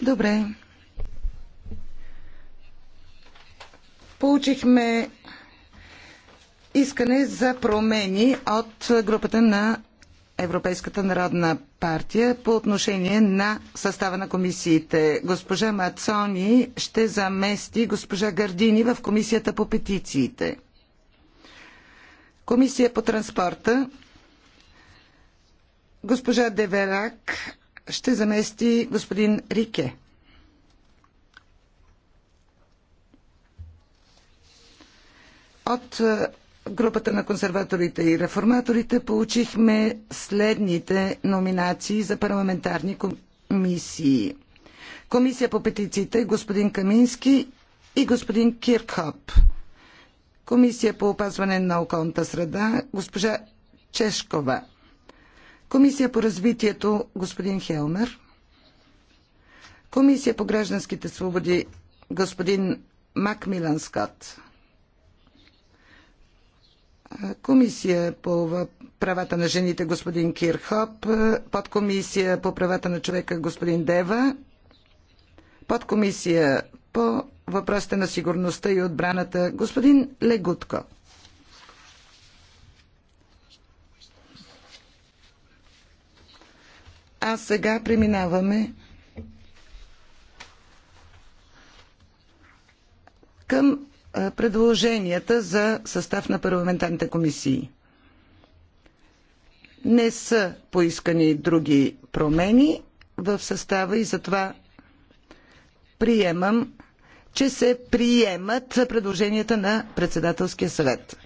Добре. Получихме искане за промени от групата на Европейската народна партия по отношение на състава на комисиите. Госпожа Мацони ще замести госпожа Гардини в комисията по петициите. Комисия по транспорта. Госпожа Деверак ще замести господин Рике. От е, групата на консерваторите и реформаторите получихме следните номинации за парламентарни комисии. Комисия по петициите господин Камински и господин Киркхоп. Комисия по опазване на околната среда госпожа Чешкова. Комисия по развитието господин Хелмер. Комисия по гражданските свободи господин Макмилан Скотт. Комисия по правата на жените господин Кирхоп, подкомисия по правата на човека господин Дева, подкомисия по въпросите на сигурността и отбраната господин Легутко. сега преминаваме към предложенията за състав на парламентарните комисии. Не са поискани други промени в състава и затова приемам, че се приемат предложенията на председателския съвет.